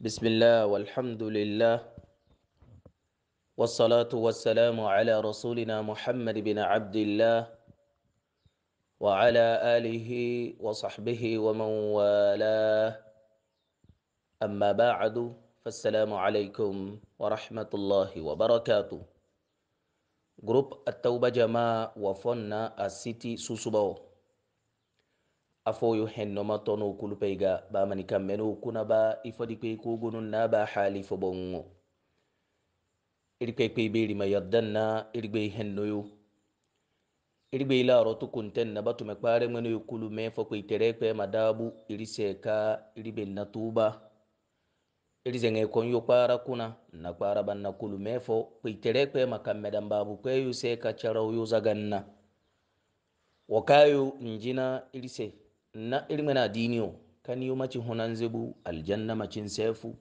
بسم الله والحمد لله والصلاة والسلام على رسولنا محمد بن عبد الله وعلى آله وصحبه ومن والاه أما بعد فالسلام عليكم ورحمة الله وبركاته جروب التوبة جماعة وفنا السيتي سوسوباو afoyo henno ma tono kulupeyga bamani kammen okuna ba ifadi kwe kogonun na ba hali fobon iri kwekwe beri ma yaddan na iri gbe henno yo iri gbe laro tukunten na batu me kpare mwene yo kulu me fokwe itere kwe madabu iri seka iri be na tuba iri zenge kon yo kpara kuna na kpara ban na kulu me fo kwe itere kwe ma kammedan babu kwe yo seka charo yo zaganna wakayo njina iri se na irimena diniyo kaniyo maci zubu aljanna macin sefu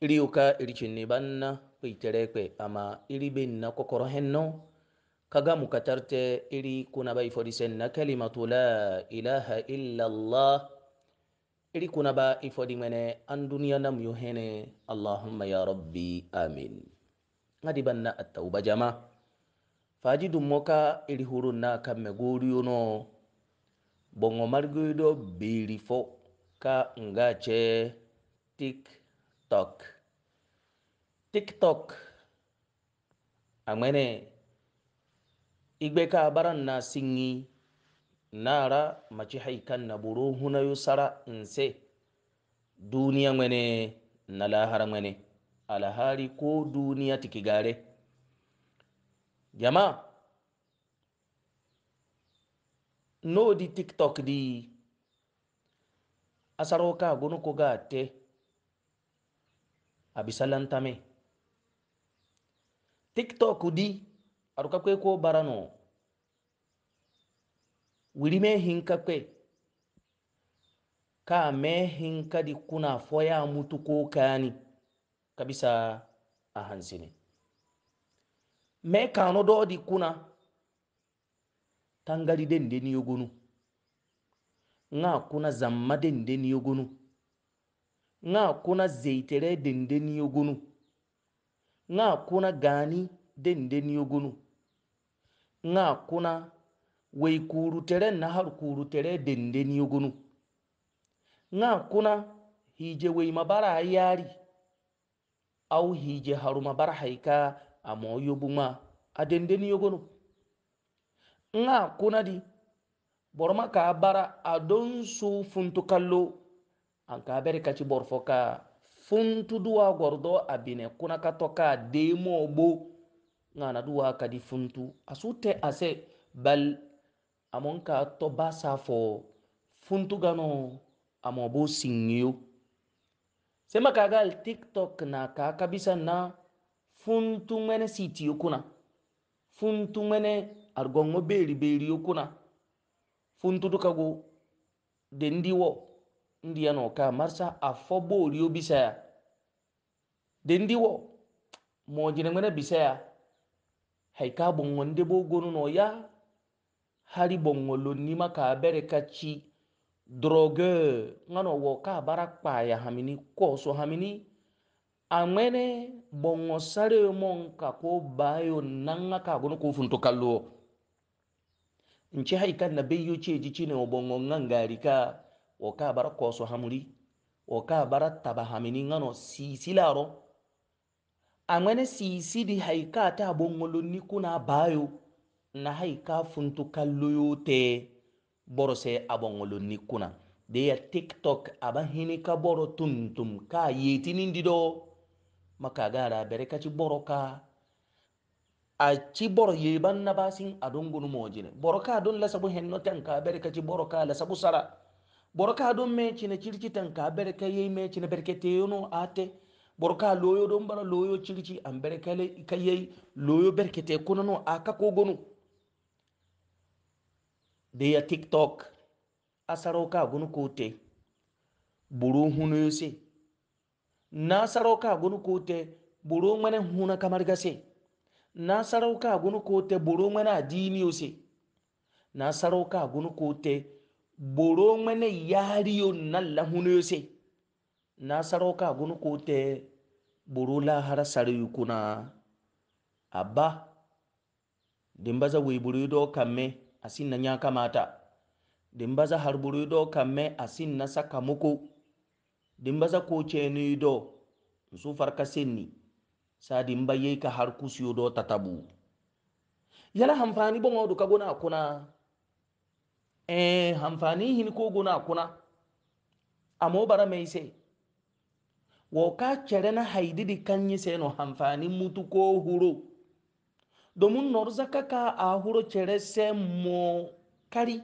iriyo ka ne banna kuiterekwe ama iri bin na kokoro henno ka tarte iri kuna bai fodisen na kalimatu la ilaha illa iri kuna ba ifodi mene an duniya na mu hene allahumma ya rabbi amin ngadi banna tauba jama faji moka iri hurun na kamme goriyo no bongo margudo biri fo ka nga che tiktok tiktok amene igbe ka baran na singi nara maci haikan na buru huna yusara nse duniya mene na lahara mene alhari ko duniya tikigare jama'a no di tiktok di asaroka ka gunu ko ga te abisalantame tiktok di aruka kwe ko barano wirime hinka kwe ka me hinka di kuna foya mutu ko kani kabisa a hansini me kano do di kuna tangali den deni yogunu nga kuna zamma den deni yogunu nga kuna zeitere den deni yogunu nga kuna gani den deni yogunu nga kuna wai tere na har tere den deni yogunu nga kuna hije wai mabara yari au hije haruma haika a adendeni a den nga kuna di boroma ka bara adon su funtu kallo an ka bari kaci borfo ka funtu duwa gordo abine kuna ka to demo bo nga na duwa ka di funtu asute ase bal amon ka to basa fo funtu gano amo bo singiyo sema kagal tiktok na ka kabisa na funtu mene sitiyo kuna funtu mene argongo beri beri funtu duka go dendi wo ndi ya noka marsa afobo oriyo bisaya dendi wo mojine ngana bisaya haika bongo ndebo gono no ya hari bongo lo nima ka kachi droge ngano wo ka bara ya hamini koso hamini amene bongo sare mon ko bayo nanga ka ko funtu kallo nci haikan na bayyo ce ji cine wa bongon gari ka wa ka bara koso hamuri wa ka bara taba hamini ngano sisi laro a ngwene sisi di haika ta bongolo ni kuna bayo na haika funtu kalloyo te boro a bongolo ni kuna de ya tiktok aba hini ka boro tuntum ka yetinin dido maka gara bere kaci boro ka a ci boro yeban na basin a don gunu mojine boro ka don lasabu henno tan ka bere ka ci boro ka lasabu sara boro ka don me cine circi tan ka bere ka yei me cine bere ke teyono ate boro ka loyo don bara loyo circi an bere ka yei loyo bere ke te kunano a ka ko gonu deya tiktok asaro ka gunu kote buru hunu yose na asaro ka gunu kote buru mana huna kamar gase na sarauka gunu kote boro mana adini yose na sarauka gunu kote boro mana yariyo na lahunu yose na sarauka gunu kote boro lahara sarayu kuna abba dimbaza weburu do kamme asin na nyaka mata dimbaza harburu do kamme asin na saka muku dimbaza ko cheni do nsu farka sinni sadi mbaye ka har siyo do tatabu yala hamfani bongo do kagona kuna eh hamfani hin ko gona kuna amo bara mai sai wo ka cere na haididi kanyi sai no hamfani mutu ko huro domin norza kaka a huro cere sai mo kari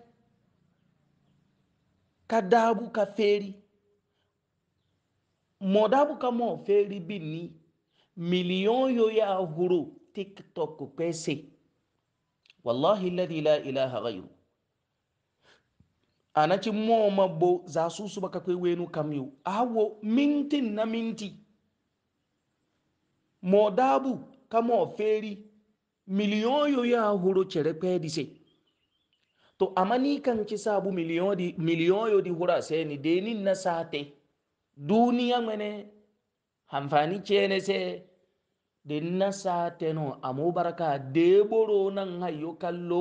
ka dabu ka feri mo dabu ka mo feri bin ni Miliyɔn yo ya huru tiktok ku pese wallahi alladhi la ilaha ghayru anachi mo mabo za su su baka kwe wenu kamyu awo minti na minti mo dabu kamo feri Miliyɔn yo ya huru chere pedi se to amani kan ci sabu miliyɔn di yo di hura se ni denin na sate duniya mene hanfani cene se dinna sateno amo baraka deboro nan hayo kallo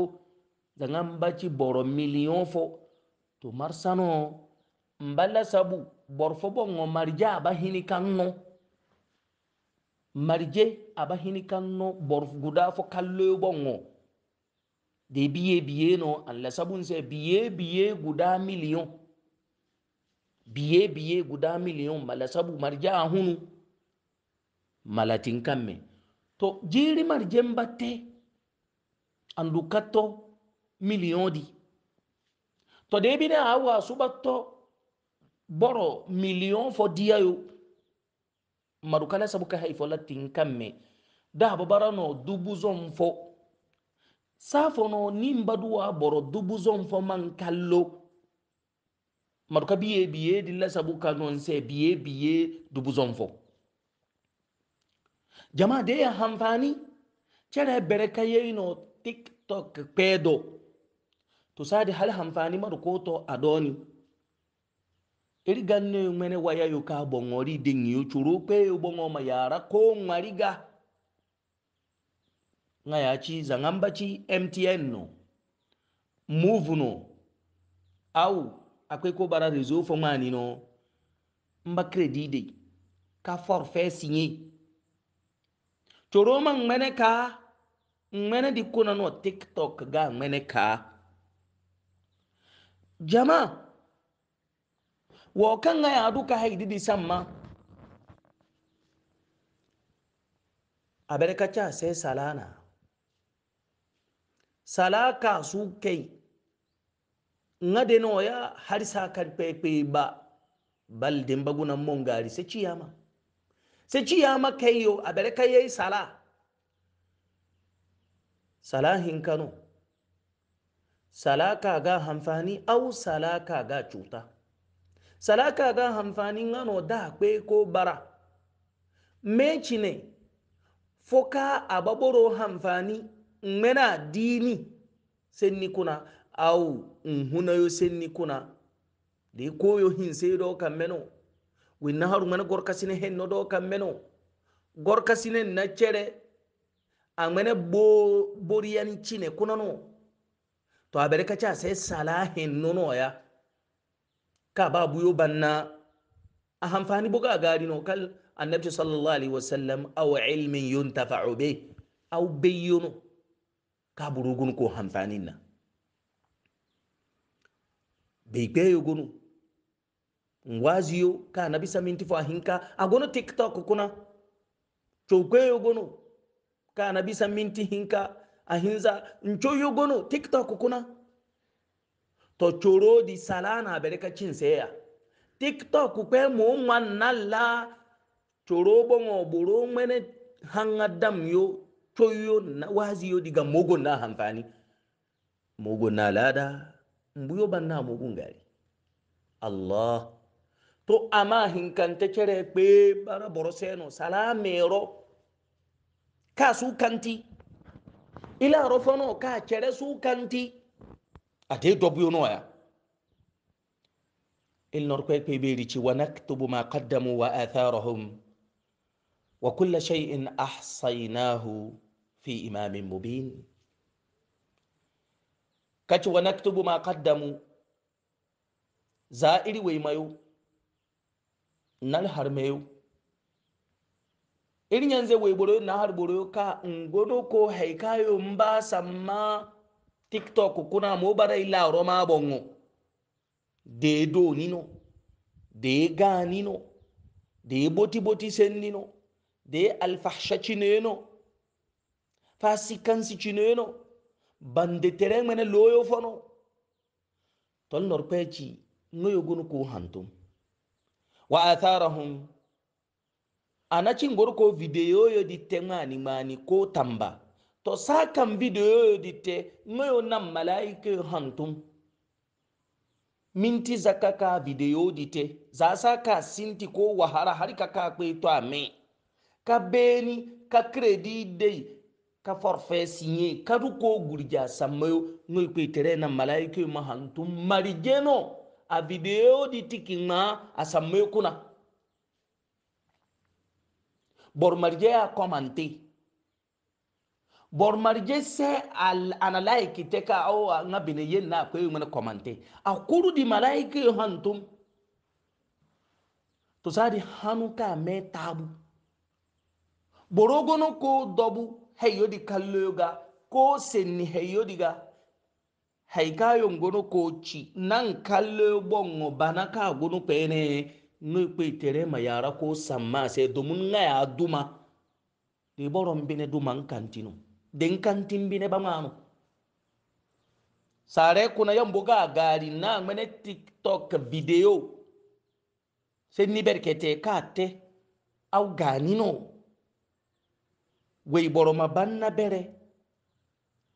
zangan baci boro miliyon fo to marsano mbala sabu borfo bongo marja aba hini kanno marje aba hini kanno borf guda fo kallo yo bongo de biye biye no alla sabu se biye biye guda miliyon biye biye guda miliyon mbala sabu marja ahunu malatin kanme to jiri marjen batte andu katto miliyon di to de bine a wasu batto boro miliyon fo diyayo maru kala sabu ka haifo latin kanme da babara no dubu zon fo safo no ni baduwa boro dubu zon fo man kallo maru biye dilla sabu ka non se biye biye dubu zon fo Jamaa, det är hamfani. Kana yi yino TikTok pedo. To sadi hal hamfani mar koto adoni. Iri ganne mene waya yo ka bongori dingi yo churu pe yo bongo mayara ko ngariga. Ngaya chi zangamba chi MTN no. Move no. Au akwai ko bara rezo fo mani no. Mba credit dai. Ka forfait signé. coro ma ŋmene kaa ŋmene di na tiktok ga ŋmene kaa jama wo kan ga yadu ka haidi di ma abere ka cha sai salana salaka su kai ngade no ya har sa karpe pe ba bal dimbagunan mon gari sai sai ci ya maka yi a bari kai yayi sala salahin kano salaka ga hamfani au salaka ga cuta salaka ga hamfani ngano da kwe ko bara meci ne foka baboro hamfani mena dini ni kuna au nhuna yo ni kuna de koyo sai do kameno winna no do kam meno. Gorka sine na a amene bo chine cine no to abere kaca se sala ya ka ba buyo banna a hanfani gari no kal annabi sallallahu alaihi wasallam aw ilmin yuntafa'u bi aw bayyinu ka burugun ko hanfanin na bai gbeyo gonu waziyo ka na bisa minti fo hinka agono tiktok kuna chokweyo gono ka na bisa minti hinka ahinza nchoyo gono tiktok kuna to choro di salana bereka chinseya tiktok kwe mo nwanna la choro bongo boro mene hanga dam yo choyo na waziyo diga mogo na hamfani mogo na lada mbuyo banna mogo ngari allah to ama hinkante cere pe bara boro seno salamero ka su kanti ila rofono ka cere su kanti ate dobuyo noya il norkoy pe beri ci wa naktubu ma qaddamu wa atharahum wa kulla shay'in ahsaynahu fi imamin mubin kaci wa naktubu ma qaddamu za iri wai mayo nar harmeyo irin yanzu wai boro na har boro ka ngodo ko haikayo mba samma tiktok kuna mo bara ila roma bongo de do nino de ga nino de boti boti sen nino de alfahsha cineno fasikansi cineno bande tere mene loyo fono tol norpeci noyo gonu ko hantum wa atharahum anacin gorko video yo ditte mani mani ko tamba to sakan video yo ditte ngoyo nan malaika hantum minti zakaka ka video dite za saka sinti ko wahara har ka ka kwe to ame ka beni ka credit dai ka forfait signé ka ruko gurja samayo ngoy kwe tere na malaika mahantum marijeno a video di tikin ma a samme kuna bormarje ya komante bormarje se al analaiki te ka o nga bine yen na ko yumana komante a kuru di malaiki hantum to sadi hanuka me tabu borogono ko dobu heyodi kalloyoga ko senni heyodiga haikayon gono koci nan kalle bongo bana ka gono pene no pe tere ma yara ko samma se domun nga ya duma de boron bine duma kantino den kantin bine ba mano sare kuna yan buga gari na mene tiktok video se ni berkete kate au ganino wey boroma banna bere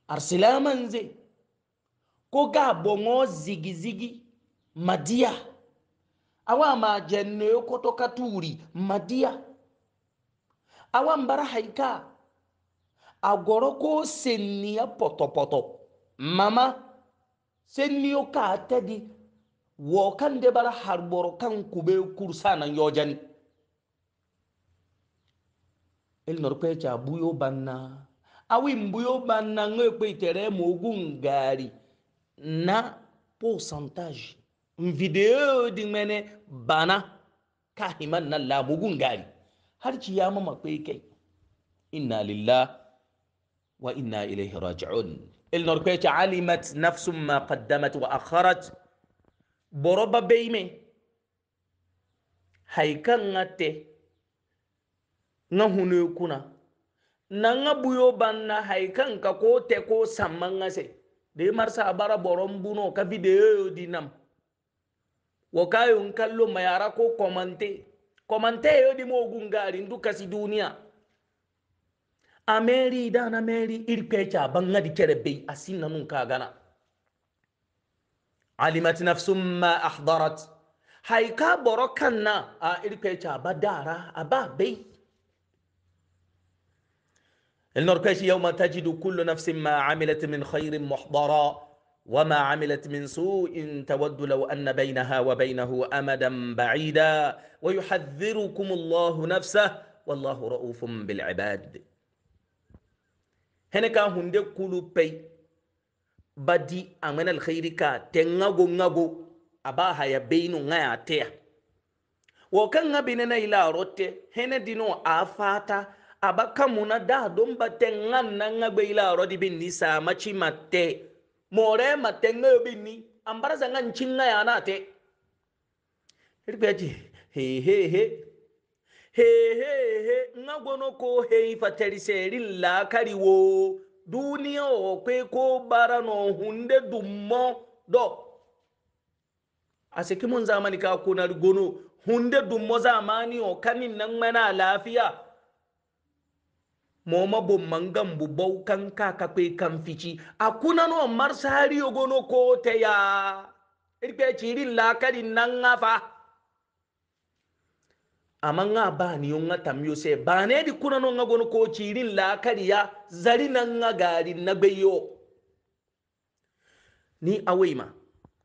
arsilamanze ko ga bongo zigizigi madia awa ma jenne koto katuri madia awa mbara haika agoro ko senniya potopoto mama senniyo ka tedi wo kan de bara harboro kan kube kursana yojani el norpecha buyo banna awi mbuyo banna ngwe kwe itere mogun gari na pourcentage video din mene bana kahiman na labugun gari har ci ya mama kai kai inna lillah wa inna ilaihi raji'un il kai alimat nafsun ma qaddamat wa akharat boroba beime haikan ngate na hunu kuna na nga buyo banna haikan ka ko te ko samman ngase de marsa bara boron buno ka video di nam k'ayo kayun kallo mayara ko komante komante yau di mo gungari duka si duniya meri da na meri irpecha banga di kere bai asin nanu ka gana alimat nafsun ma ahdarat haika boro kanna a irpecha ba dara a ba bai النركشي يوم تجد كل نفس ما عملت من خير محضرا وما عملت من سوء تود لو أن بينها وبينه أمدا بعيدا ويحذركم الله نفسه والله رؤوف بالعباد هناك هند كل بي بدي أمن الخير كا تنغو نغو أباها يبين نغا تيه وكان بيننا إلى روتي هنا دينو آفاتا aba kamuna dadon bate ŋananga gbe ila arɔ di bi ni samatsi ma te mɔrɛ ma te ŋa yɔ bi ni anbarasa ŋa ŋtsi ŋa ya na te erigbe ti hehehe hehehe ŋa gbɔnɔ ko hei fatalise eri laakari wo duniya ɔkpe ko baara nɔ hunde dumɔ dɔ asekimu nzaamani ka kunari gbɔnɔ hunde dumɔ zaamani ɔkani na ŋmɛnna laafiya. moma bo mangam bu bau kan ka ka kwe kan fici akuna no mar sari ogono ko te ya irpe chiri la nan nga fa nga ba ni yonga yo se ba ne di kuna no ngono ko chiri la kali ya zari nanga gari na yo ni awaima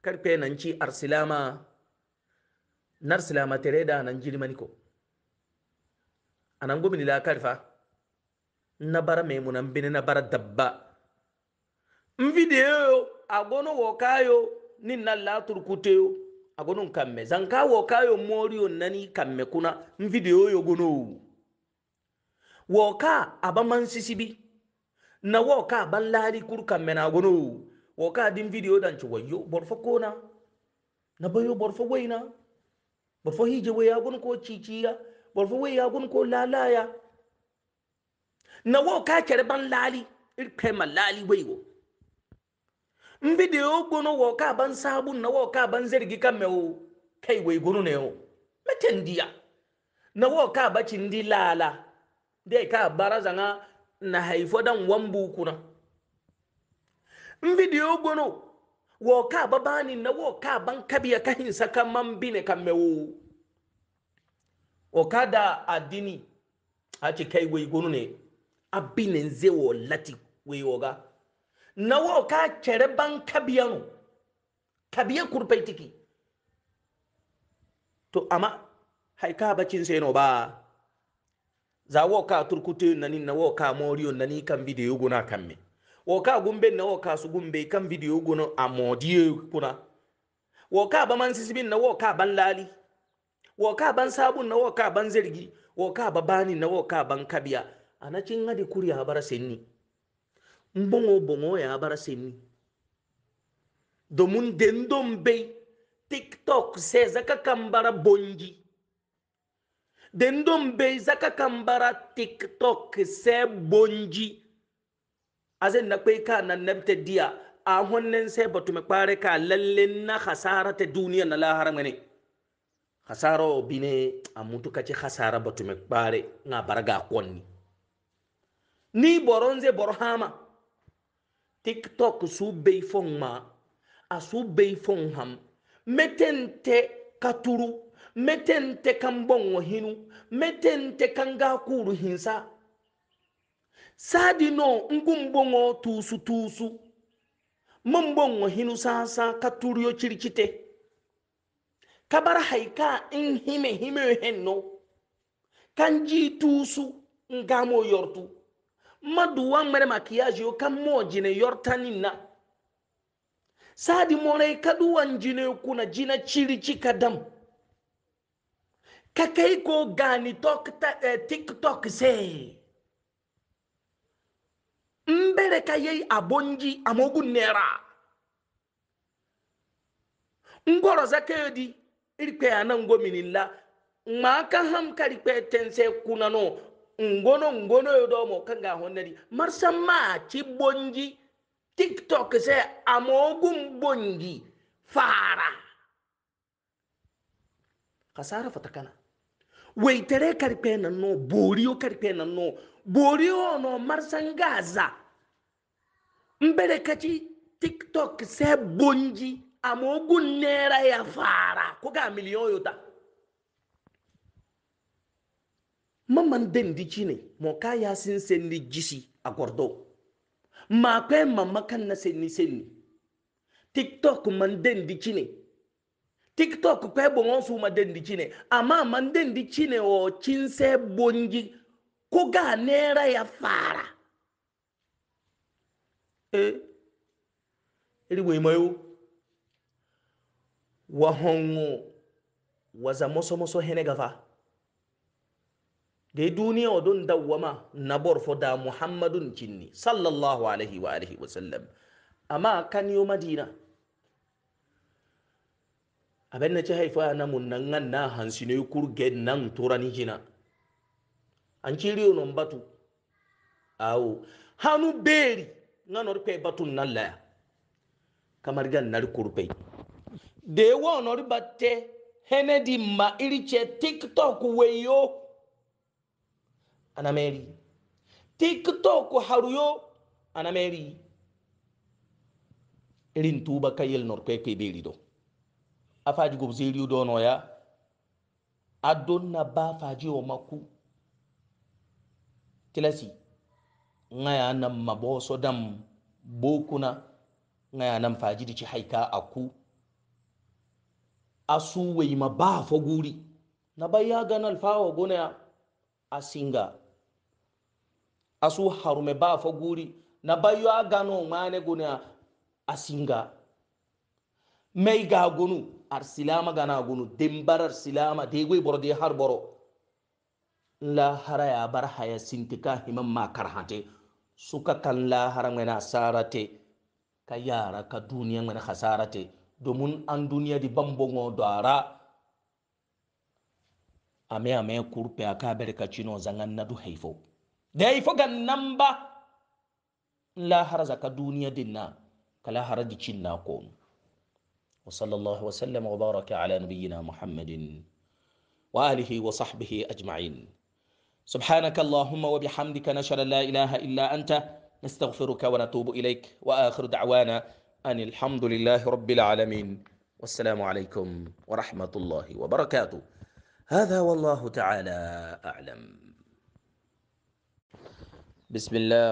karpe nan ci arsilama narsilama tereda nan ko anan ni la karfa na bara munan bini na bara dabba n video a gono wo kayo ni na latur kuteyo a gonon kamme zanka wo kayo moriyo nani kamme kuna n video yo gono woka ka aba man sisibi na woka ban lari kur kamme na gono woka din video dan ci wayo borfo kona na bayo borfo waina borfo hije waya gon ko ciciya borfo waya gon ko lalaya na wo ka kere ban lali pe ma lali mbi de ogbo no wo ka ban sabun na wo ka ban zirgi kan mewo kai wai gunu ne wo meten diya na wo ka baci ndi lala dai ka baraza nga na haifo dan wambu kuna de ogbo no wo ka bani na wo ka ban kabiya kahin saka man bine kan mewo wo ka da adini a ci kai wai gunu ne abinen ze wo lati we woga na wo ka kere ban kabiya no kabiya kurpai tiki to amma hai ka bacin sai no ba za wo ka turkute nani na wo ka moriyo nani kan bidiyo guna kan me wo ka gumbe na wo ka su gumbe kan bidiyo guna a modiye kuna wo ka ba man sisibin na wo ka ban lali wo ka ban sabun na wo ka ban zirgi wo ka ba bani na wo ka ban kabiya anachi ngadi kuri ya habara senni mbongo bongo ya habara senni domin dendon mbe tiktok se zaka kambara bonji dendon mbe zaka kambara tiktok se bonji azen na kwe ka na nebte dia a wannan sai batu mai kware ka lalle na hasara ta duniya na lahara mene hasara obi ne a mutu ci hasara batu mai kware na barga kwanni ni boro nze boro hama tiktok su bei fon ma a su bei fon ham metente katuru metente kan bonwo hinu metente kan ga kuru hinsa sadi no ngumbongo tusu tusu mumbongo hinu sasa katurio chirichite kabara haika in hime hime henno kanji tusu ngamo yortu mmadụ uwe mere makiyaji ụka mmụọ ji na yortani na sadi morai kaduwa njine uku na jina chiri chikadam kakai ko gani tokta, eh, tiktok se mbere ka yei abonji amogu nera ngoro zakayo di irikpe ana ngomini la ma aka ha m karikpe tense kunano ngono ngono yo do mo kanga honnadi marsamma ci bonji tiktok se amogum bonji fara kasara fatakana weitere karpe na no borio karpe na no borio no marsangaza mbere kachi tiktok se bonji amogun nera ya fara kuga miliyon ta maman den di chine mo ka ya sin sen ni jisi a gordo ma kwe mamma na sen ni sen ni tiktok man den di chine tiktok kwe bongon su ma den di chine amma man den di chine o chinse bonji ko ga nera ya fara eh eri we mayo wa hongo waza moso moso gafa de duniya o don dawama na borfo da muhammadun kinni sallallahu alaihi wa alaihi wa sallam amma yi madina abin na ci haifa na munnan nan na hansu ne kurge nan turani jina an riyo nan batu awo hannu beri na norfe batun nan laya kamar gan nar kurbai da yawon onar batte henedi ma irice tiktok weyo ana meri tiktok yo ana meri irin tuba kayel norkwekwe beri do afaji gobzeriyo no ya na ba faji o maku kilasi ngaya nan maboso dam bokuna ngaya nan faji ci haika aku asu wai ma ba fa guri na bai ya ganal gona a singa asu harume ba fo guri na bayo no mane guna asinga mai ga gunu ar silama gana gunu ar silama de gwe borde har boro la haraya bar haya sintika himan ma karhate suka kan la haran na sarate ka yara ka duniya mana hasarate domin an duniya di ngo dara ame ame kurpe aka berka chino zangan na du haifo da ifo ga namba la haraza ka duniya dinna kala haraji cinna ko وصلى الله وسلم وبارك على نبينا محمد وآله وصحبه أجمعين سبحانك اللهم وبحمدك نشهد لا إله إلا أنت نستغفرك ونتوب إليك وآخر دعوانا أن الحمد لله رب العالمين والسلام عليكم ورحمة الله وبركاته هذا والله تعالى أعلم بسم الله